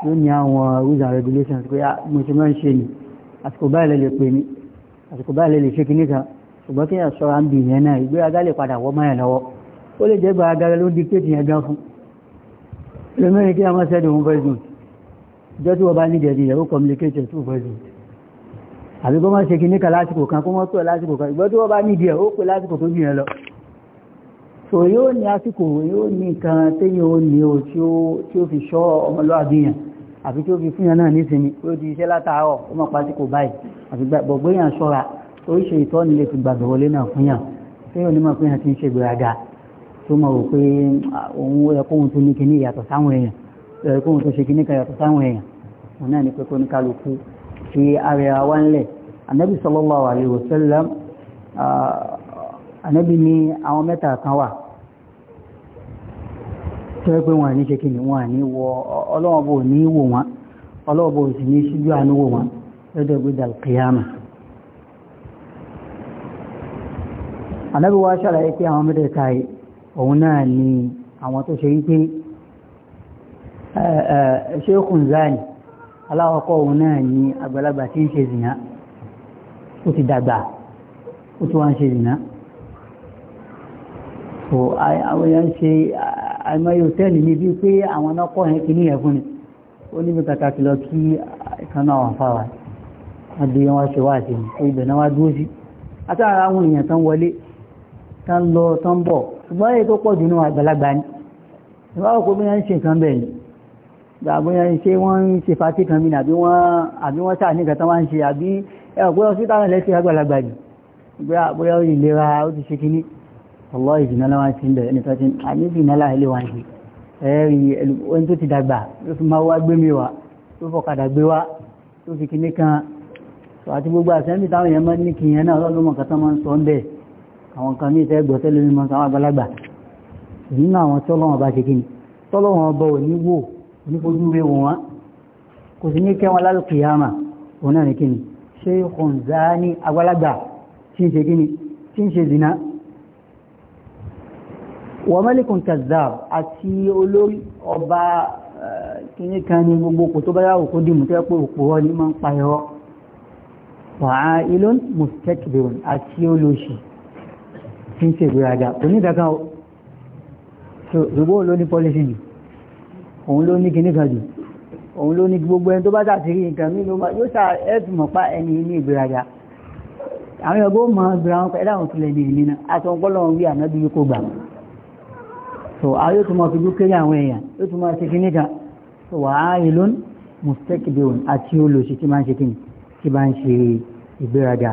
ló ní àwọn rules and regulations pé ah, mo ti máa ń ṣe ni àsìkò báyìí lè lè pè ní àsìkò báyìí lè lè ṣe kìníkà ṣùgbọ́n kí lẹ́mẹ́rin kí a máa sẹ́dẹ̀ wọn version jọ tí wọ́n bá ní jẹ̀dì ìyàwó communicated two version àbí kọ́ máa ṣe kì níkà lásìkò kan kó mọ́ tó lásìkò kan ìgbọ́ tí wọ́n bá ní ìdí ẹ̀ ó pè lásìkò tó jìyàn lọ so yóò ní àsìkò yóò ní nǹkan téyàn ó ní o tí ó fi ṣọ́ ọmọlúwàbíyàn àbí tí ó fi fúnyàn náà nísìnyí ó di iṣẹ́ látàárọ̀ ó mọ̀ pásìkò báyìí àti gbàgbọ́gbéyàn ṣọ́ra oríṣi ìtọ́ni lè fi gbàgbọ́ wọlé náà fúnyàn téyàn onímọ̀ pé yàn ti ń ṣe gbéraga tó mọ̀ wò pé òun ẹkùn tó ní kíní ìyàtọ̀ sáwọn èèyàn ẹkùn tó ṣe kíní kan ìyàtọ̀ sáwọn èèyàn wọn náà ní pé kó ní kálukú fi ara wa ńlẹ̀ anábì sallallahu alaihi wasallam anábì ní àwọn mẹ́ta kan wà tó yẹ pé wọn ní ṣe ni wọn ní wọ ọlọ́wọ́ bò ní wò wọn ọlọ́wọ́ bò sì ní ṣíjú àánú wò wọn lọ́dọ̀ gbé dàlùkìyàmù anábì wa ṣàlàyé pé àwọn mẹ́tẹ̀ẹ̀ta yìí òun náà ni àwọn tó ṣe wípé ṣékùn zani aláwọ̀kọ́ òun náà ni àgbàlagbà tí ń ṣe zìnà ó ti dàgbà ó tún wá ń ṣe zìnà so àwọn èèyàn ṣe àìmọye òtẹ́ẹ̀lì ní bí pé àwọn ọkọ̀ yẹn kì ní ẹ̀fún ni ó níbi kàkà kìlọ kí ìkaná àwọn afáwà wọ́n di wọ́n ṣe wá àti ìbẹ̀ náà wá dúró sí àtàrà àwọn èèyàn tán wọlé tán lọ tán bọ̀ ṣùgbọ́n èyí tó pọ̀ jù nínú àgbàlagbà ni ìbáwò kó bóyá ń ṣe nǹkan bẹ́ẹ̀ ni gbàgbóyá ń ṣe wọ́n ń ṣe fàtí kan mi àbí wọ́n sáà ní ìkàtà ń ṣe àbí ẹgbẹ́ ni bóyá ó ìlera ó ti ṣe kíní ọlọ́ ìjìnlá wá sí ń bẹ̀rẹ̀ nìkan tí àmì ìjìnlá ilé wá ń ṣe ẹ̀rí ẹni tó ti dàgbà ló fi máa wá gbé mi wá tó fọkàdà gbé wá kan àti gbogbo àṣẹ́mì táwọn èèyàn máa ní kìyàn náà ọlọ́lọ́mọ̀ kan tán máa àwọn kan ní ìfẹ́ gbọ́ tẹ́lẹ̀ mímọ́ sáwọn àgbàlagbà nínú àwọn tọ́lọ́wọ́n bá ṣe kí ni tọ́lọ́wọ́n bọ̀ ní wò onífojú rẹ̀ wò wọ́n kò sí ní kẹwọn lálùkìyàmà òun náà ní kí ni ṣé kùnzá ní àgbàlagbà tí ń ṣe kí ni wàá ilon mustekbirun àti olóṣì tí ń ṣe ìgbéraga kò ní kankan o ṣùgbọ́n ló ní pọ́lísì jù òun ló ní kinní kan jù òun ló ní gbogbo ẹni tó bá ṣàṣírí nǹkan mí ló máa yóò ṣà ẹ́ẹ̀tì mọ̀ pa ẹni ní ìgbéraga àwọn ẹgbẹ́ ó máa gbéra wọn pẹ̀lú àwọn tilẹ̀ ní ìní àti wọn pọ́lọ́ wí ànábí yóò kó gbà so a yóò tún máa fi dúkẹ́ àwọn èèyàn yóò tún máa ṣe kinní kan so wàá ìlú mùsítẹ́kì àti olóṣì tí máa ń ṣe kinní tí máa ń ṣe ìgbéraga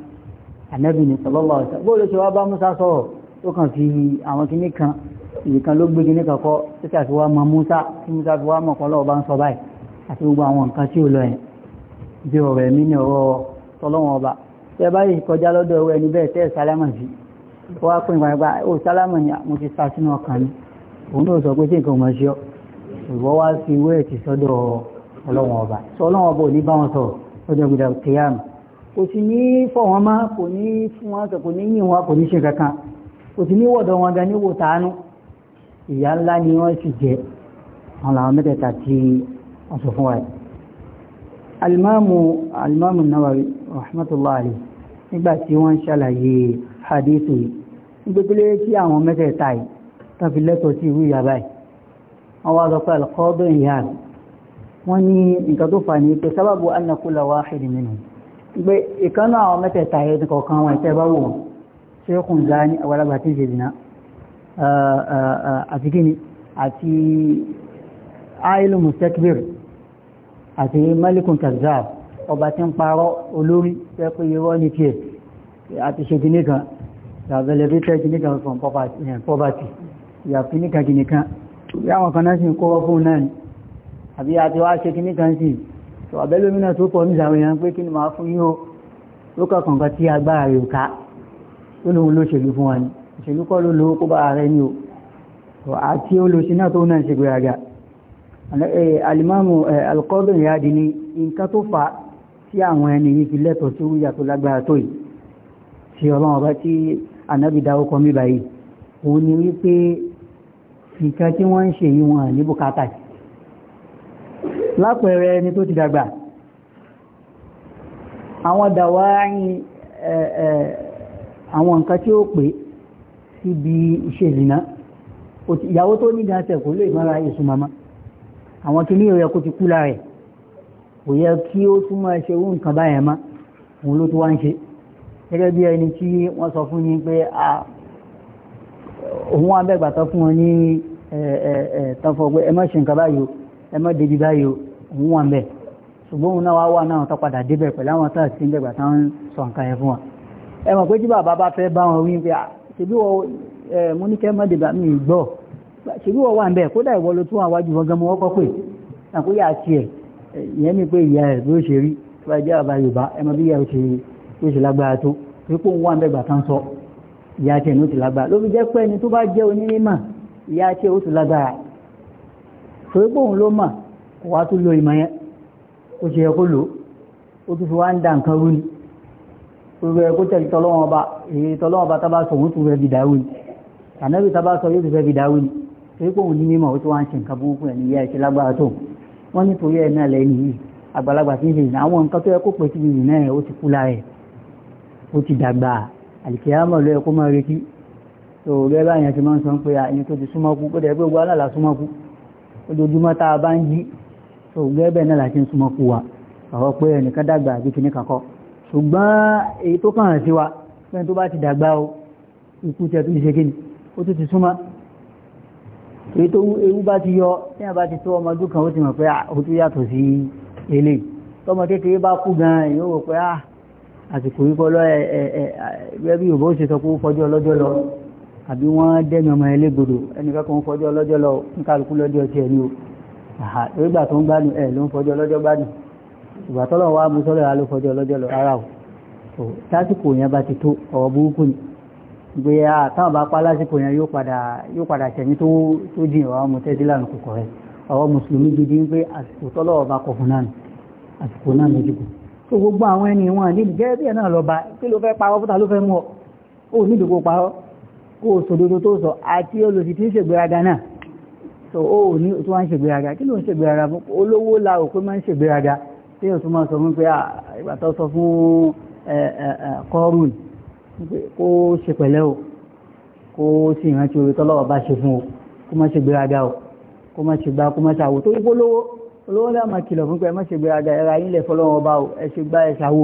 ànábì ní sọlọ́lọ́ ọ̀sẹ̀ bóòlù ṣe wá bá Musa sọ̀rọ̀ tó kàn fi àwọn kinní kan ìkan ló gbé kinní kan kọ́ tó kà fi wá mọ Musa tí Musa fi wá mọ̀ kọ́ lọ́wọ́ bá ń sọ báyìí àti gbogbo àwọn nǹkan tí ò lọ yẹn bí ọ̀rọ̀ ẹ̀mí ní ọ̀rọ̀ tọ́lọ́wọ́n ọba tẹ́ báyìí kọjá lọ́dọ̀ ẹwẹ́ ẹni bẹ́ẹ̀ tẹ́ sálámà sí wá pín ìgbàgbà ó sálámà yà mo ti sa sínú ọkàn mi òun náà sọ pé tí nǹkan mọ̀ sí ọ ìwọ́ wá sí ìwé sọ́dọ̀ ọlọ́wọ́n ọba sọ ọlọ́wọ́n ọba ò ní bá wọn sọ̀rọ̀ lọ́jọ́ gbìdà kéyàmù kò sì ní fọ̀ wọn má kò ní fún wọn kò ní yìn wọn kò ní ṣe kankan kò sì ní wọ̀dọ̀ wọn gan ní wò tánú ìyá ńlá ni wọ́n sì jẹ́ àwọn làwọn mẹ́tẹ̀ẹ̀ta tí wọ́n sọ fún wa yìí alimamu alimamu Nawawi rahmatullahi alayhi nígbà tí wọ́n ṣàlàyé hadithu yìí nígbẹ́gbẹ́lẹ́ tí àwọn mẹ́tẹ̀ẹ̀ta yìí tàbí lẹ́tọ̀ọ́ sí ìwé ìyàbá yìí wọ́n wá lọ́pẹ́ alkọ́dọ̀ ìyá wọ́n ní nǹkan tó fà ní pé sábàbù annakula wahid minhum gbé ìkánná àwọn mẹ́tẹ̀ẹ̀ta ẹni kọ̀ọ̀kan wọn ìtẹ́ bá wò ṣékùn zani àgbàlagbà tí ṣe dìna àti gini àti ailu mustakbir àti malikun kazzab ọba tí ń parọ́ olórí tẹ́ pé irọ́ ní tiẹ̀ àti ṣe gini kan tàbẹ̀lẹ̀bẹ̀tẹ̀ gini kan from poverty ìyàfi níkan gini kan yáwọn kan náà sì ń kọ́ fún náà àbí àti wá ṣe gini kan sí i tó àbẹ́lómìnà tó pọ̀ ní ìsàwọn èèyàn pé kí ni màá fún yín o ló kọ̀ọ̀kan kan tí agbára rẹ̀ ká tó lóun ló ṣèlú fún wa ni ìṣèlú kọ́ ló lówó kó bá ara ẹni o àti olóṣì náà tó náà ṣe gbéraga alimamu alkọ́dùn ìyáàdì ni nǹkan tó fa tí àwọn ẹni yìí fi lẹ́tọ̀ sí wúyà tó lágbára tó yìí tí ọlọ́run ọba tí anábì dáwó kọ́ mí báyìí òun ni wípé nǹkan tí wọ́n ń ṣe yìí wọn ní bùkátà sí lápẹẹrẹ ẹni tó ti dàgbà àwọn dàwà yìí àwọn nǹkan tí ó pè síbi iṣẹ́ ìrìnà ìyàwó tó ní gánsẹ̀ kò lè mara èsù mama àwọn kìíní ó yẹ kó ti kú lára ẹ̀ kò yẹ kí ó tún máa ṣe irú nǹkan báyẹn má òun ló tó wá ń ṣe gẹ́gẹ́ bí ẹni tí wọ́n sọ fún yín pé òun abẹ́gbàtọ́ fún wọn ní tọ́fọ́ pé ẹ má ṣe nǹkan báyìí ẹ má débi báyìí òun wà mẹ́ ṣùgbọ́n òun náà wá wà náà tó padà débẹ̀ pẹ̀lú àwọn tá sí ìgbẹ̀gbà tó ń sọ nǹkan ẹ̀ fún wọn ẹ pé tí bàbá fẹ́ bá wọn wí pé ah, ṣebí wọ mo ní mi gbọ́ ṣebí wọ wà mẹ́ kódà ìwọ ló tún wà wájú wọn gan mo wọ́pọ̀ pé àkóyà tiẹ̀ ìyẹn ni pé ìyá ẹ̀ ló ṣe rí tó bá jẹ́ bàbá Yorùbá ẹ mọ̀ bí ìyá ó ṣe lágbára tó pípò ń wà mẹ́gbà tán sọ ìyá tí kò wá tó lo ìmọ̀ yẹn ó ṣe yẹ kó lò ó tún fi wá ń dà nǹkan rú ni gbogbo ẹ̀ kó tẹ̀lé tọ́lọ́wọ́n ọba èyí tọ́lọ́wọ́n ọba tábà sọ òun tún fẹ́ fi dàrú ni ànábì tábà sọ yóò tún fẹ́ fi dàrú ni torí pé òun ní mímọ̀ ó tún wá ń ṣe nǹkan burúkú ẹ̀ níyà ìṣe lágbára tó wọ́n nítorí ẹ̀ náà lẹ́yìn yìí àgbàlagbà tí ń ṣe ìrìn àwọn nǹkan tó yẹ kó pè síbi tá a bá ń jí so gẹ́gẹ́ náà láti ń súnmọ́ fún wa àwọn pé ẹnìkan dàgbà àbí kìíní kankọ́ ṣùgbọ́n èyí tó kàn sí wa pẹ́ni tó bá ti dàgbà o ikú tẹ̀ tó ti ṣe kíni ó tún ti súnmọ́ èyí tó ewu bá ti yọ tí wọ́n bá ti tó ọmọ ọdún kan ó ti mọ̀ pé ah, ó tún yàtọ̀ sí eléyìí tọmọ kékeré bá kú gan èyí ó wò pé ah àsìkò yìí kọ́lọ́ ẹ ẹ ṣe sọ pé ó fọjọ́ ọlọ́jọ́ lọ àbí wọ́n dẹ́mi ọmọ ẹlẹ́gbòdò ẹnìkan kan fọjọ́ ọlọ́jọ́ lọ ń kálukú lọ́jọ́ tiẹ̀ ni o ìgbà tó ń gbádùn ẹ̀ ló ń fọjọ́ lọ́jọ́ gbádùn ìgbà tọ́lọ̀ wá mú sọ́lọ̀ rà ló fọjọ́ lọ́jọ́ lọ ara ò lásìkò yẹn bá ti tó ọ̀rọ̀ burúkú ni gbé àtàwọn bá pa lásìkò yẹn yóò padà tẹ̀mí tó jìn ọ̀rọ̀ mu tẹ́sí lànà kòkò rẹ̀ ọ̀rọ̀ mùsùlùmí gidi ń pé àsìkò tọ́lọ̀ ọba kọ̀ fún náà àsìkò náà lójúkù tó gbogbo àwọn ẹni wọn níbi gẹ́gẹ́ bí náà lọ́ba kí ló fẹ́ parọ́ so ó ò ní tó wá ń ṣègbéraga kí ló ń ṣègbéraga fún olówó la ò pé máa ń ṣègbéraga tí yóò tún máa sọ fún pé ah, ìgbà tó sọ fún kọ́rùn kó ṣe pẹ̀lẹ́ o kó sì rántí orí tọ́lọ́wọ́ bá ṣe fún o kó má ṣègbéraga o kó má ṣègbá kó má ṣàwò tó yípo olówó olówó náà máa kìlọ̀ fún pé ẹ má ṣègbéraga ẹ̀ra yín lẹ̀ fọlọ́wọ́ ọba o ẹ ṣe gbá ẹ ṣàwò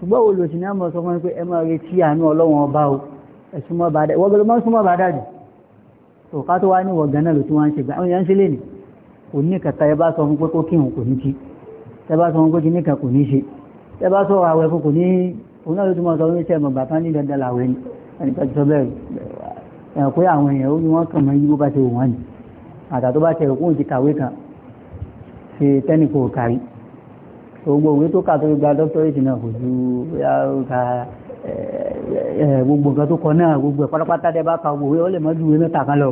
ṣùgbọ́n olùsìn náà mọ̀ sọ fún pé ẹ máa retí àánú ọlọ́wọ́ ọba o ẹ súnmọ́ bàdá ìwọ́gbẹ́lẹ́ mọ́ súnmọ́ bàdá jù tó ká tó wá ní wọ̀gán náà ló tí wọ́n ń ṣe gbà àwọn èèyàn ń ṣe lè ní kò ní kàtà ẹ bá sọ fún pé kó kí òun kò ní kí ẹ bá sọ fún pé kí nìkan kò ní ṣe ẹ bá sọ àwẹ̀ fún kò ní òun náà ló tún mọ sọ wípé sẹ́mọ̀ bàbá ní dandan làwẹ̀ ni ẹnìkan ti sọ bẹ́ẹ̀ ẹ̀ pé àwọn èèyàn ó ní wọ́n kàn mọ́ yí bó bá ṣe wù wọ́n ni àtà tó bá ṣe rò kóun ti kàwé kan ṣe tẹ́nìkò kárí gbogbo òwe tó kà tó gba dókítọ́rẹ́tì náà kò ju Eh, eh, gbogbo nǹkan tó kọ náà gbogbo ẹ̀pátápátá dẹ bá ka gbogbo ó lè ta ìwé mẹ́ta kan lọ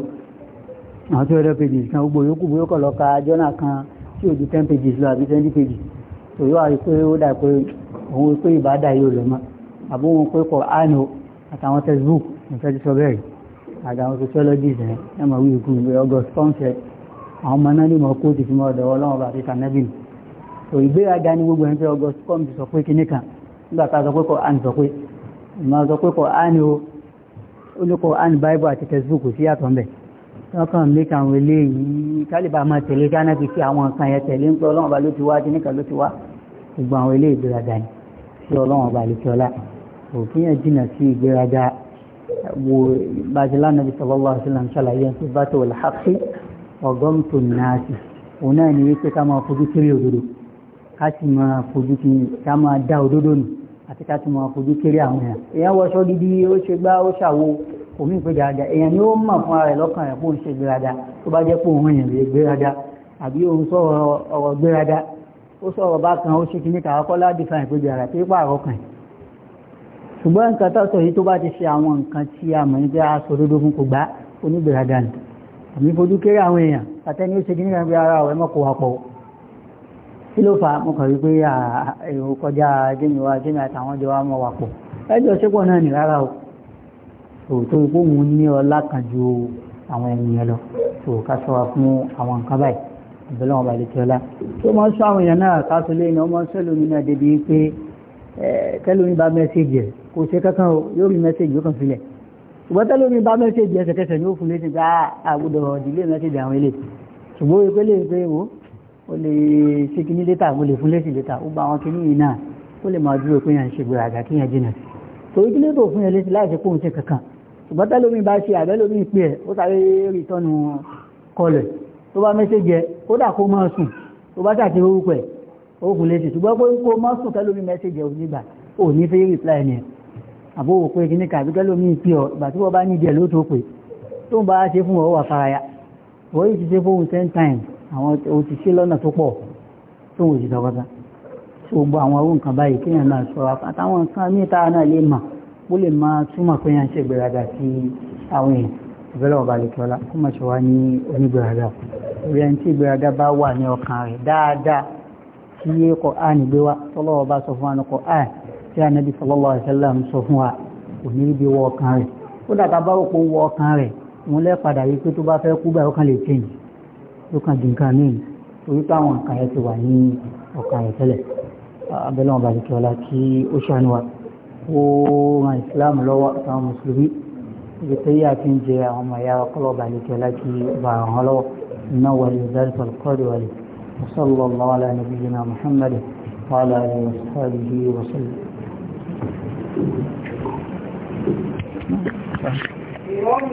àwọn tí ó rẹ pages kan gbogbo yókù bóyá kọ̀ ka jọ́nà kan tí ò ju ten pages lọ àbí twenty pages tó yóò àrí pé ó dà pé òun pé ìbádà yóò lọ mọ́ àbó wọn pé kọ̀ áànù àtàwọn textbook nǹkan ti sọ bẹ́ẹ̀ àtàwọn ẹ̀ ẹ̀ mọ̀ ìwé àwọn ọmọ náà ní mọ̀ kó ti fi mọ́ ọ̀dọ̀ ma sọ pé Kùránì o ó ní Kùránì Bible àti textbook sí yàtọ̀ ń bẹ̀ wọ́n kàn mí kàwọn eléyìí kálíbà máa tẹ̀lé ghana fi fi àwọn nǹkan yẹn tẹ̀lé ń pẹ́ ọlọ́run ọba ló ti wá kíníkà ló ti wá gbogbo àwọn eléyìí ìgbéraga ni sí ọlọ́run ọba àlejò ọlá òfin yẹn jìnnà sí ìgbéraga wo bàjẹ́lá nàbí sallallahu alaihi wasallam ṣàlàyé ẹni tó bá tó wọlé haqqi ọgọ́m tó nàásì òun náà ní wípé ká máa fojú kéré òdodo ká sì máa fojú kí ká máa dá àti ká tún máa fojú kéré àwọn èèyàn èèyàn wọṣọ gidi ó ṣe gbá ó ṣàwo omi ìpè dáadáa èèyàn ni ó mọ̀ fún ara rẹ̀ lọ́kàn rẹ̀ fóun ṣe gbéraga tó bá jẹ́ pé òun èèyàn lè gbéraga àbí òun sọ̀rọ̀ ọ̀rọ̀ gbéraga ó sọ̀rọ̀ bá kan ó ṣe kíní kàwá kọ́lá dìfà ìpèjì ara tí pà àrọ́kàn ṣùgbọ́n nǹkan tó sọ yìí tó bá ti ṣe àwọn nǹkan tí a mọ̀ nígbà aṣọ òdodo fún kò gbá onígbéraga ni àmì fojú kéré àwọn èèyàn àtẹni ó ṣe kíní kan bí ara ọ̀rẹ́ mọ́kò wà kí ló fà á mo kàn rí kọjá jẹ́miwá jẹ́mi àtàwọn jọ mọ́ wà pọ̀ ẹjọ́ ṣépọ̀ náà ní rárá o tòótọ́ ipò òun ní ọlá kan ju àwọn ènìyàn lọ tò ká ṣọ́ra fún àwọn nǹkan báyìí ìbẹ̀lẹ̀ wọn balẹ̀ tíọ́lá tó máa ń sọ àwọn èèyàn náà ká sọ lẹ́yìn náà wọ́n máa náà débi pé kẹ́lómi bá mẹ́sẹ̀jì ẹ̀ kò ṣe kankan o yóò rí mẹ́sẹ̀jì ó kàn sílẹ̀ ṣùgbọ́n tẹ́lómi bá mẹ́sẹ̀jì ẹsẹ̀kẹsẹ̀ ni ó fún létí pé àgùdọ̀ ìdílé mẹ́sẹ̀jì àwọn ilé ṣùgbọ́n ìpele ìpele wo ó lè ṣe kíní létà mo lè fún lẹ́sìn létà ó bá àwọn kíní yìí náà ó lè máa dúró pé yàn ń ṣe gbèràgà kí yàn jìnà sí torí kílé tó fún yàn lẹ́sìn láì ṣe kóhun ṣe kankan ṣùgbọ́n tẹ́lómi bá ṣe àbẹ́ lómi pé ẹ̀ ó sáré rìtọ́nù kọlẹ̀ tó bá mẹ́sẹ̀jẹ kódà kó máa sùn tó bá ṣàti orúkọ ẹ̀ ó fún lẹ́sìn ṣùgbọ́n pé kó máa sùn tẹ́lómi mẹ́sẹ̀jẹ ò nígbà ò ní fẹ́ rìpláì ni àbó wò pé kíní kàbí tẹ́lómi pé ọ ìgbà tí wọ́n bá ní ìdí ẹ̀ ló tó pé tó ń bá ṣe fún ọ wà faraya wọ́n yìí ti ṣe fóhun ten times àwọn o ti ṣe lọ́nà tó pọ̀ tó wò jìdọ̀ kọ́ta tí gbogbo àwọn ọrùn kan báyìí kéèyàn náà ṣọ́ra àtàwọn nǹkan ní ìta náà lè mà ó lè máa túmọ̀ pé yàn ṣe gbéraga sí àwọn èèyàn ìbẹ́lẹ̀ ọba àlekẹ́ọ́lá kó má ṣe wá ní onígbéraga orí ẹni tí ìgbéraga bá wà ní ọkàn rẹ̀ dáadáa tí yé kọ á nígbé wa tọ́lọ́wọ́ bá sọ fún wa ní á tí ànábì sallallahu alaihi wasallam sọ fún wa kò ló kàn di nǹkan míì torí pé àwọn nǹkan yẹn ti wà ní ọkàn yẹn tẹ́lẹ̀ abẹ́lẹ́ wọn bàjẹ́ kí ọlá kí ó ṣàánú wa ó ran Islam lọ́wọ́ àtàwọn mùsùlùmí ibi tó yà fi ń jẹ àwọn ọmọ ìyá ọkọlọ́ bàjẹ́ kí ọlá kí bá wọn lọ́wọ́ iná wà lè dárí pẹ̀lú kọ́ọ̀dù wà lè وصلى الله على نبينا محمد وعلى اله وصحبه وسلم Thank